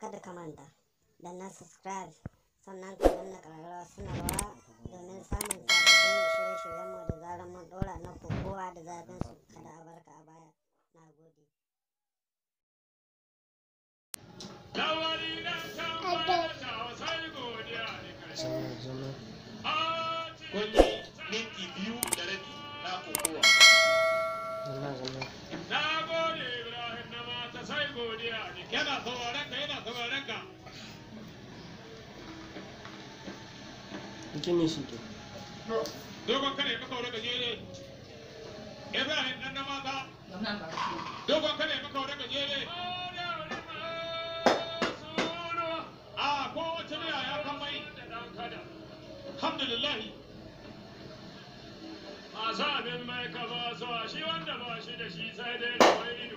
kada ka manta da na subscribe sannan ka danna ƙararrawa sanarwa domin samun sababbin shirye-shiryenmu da zarar mun ɗora na kowa da zafin su kada a barka a baya na gode Kun yi minti biyu da rabi. godiya yana ne shi ke. Dogon kare gajere. ɗan Dogon kare gajere. A kowace miya ya kan mai. Alhamdulillahi. Masu abin mai ka ba su shi wanda ba shi da shi sai dai da wai ido.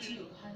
是有他。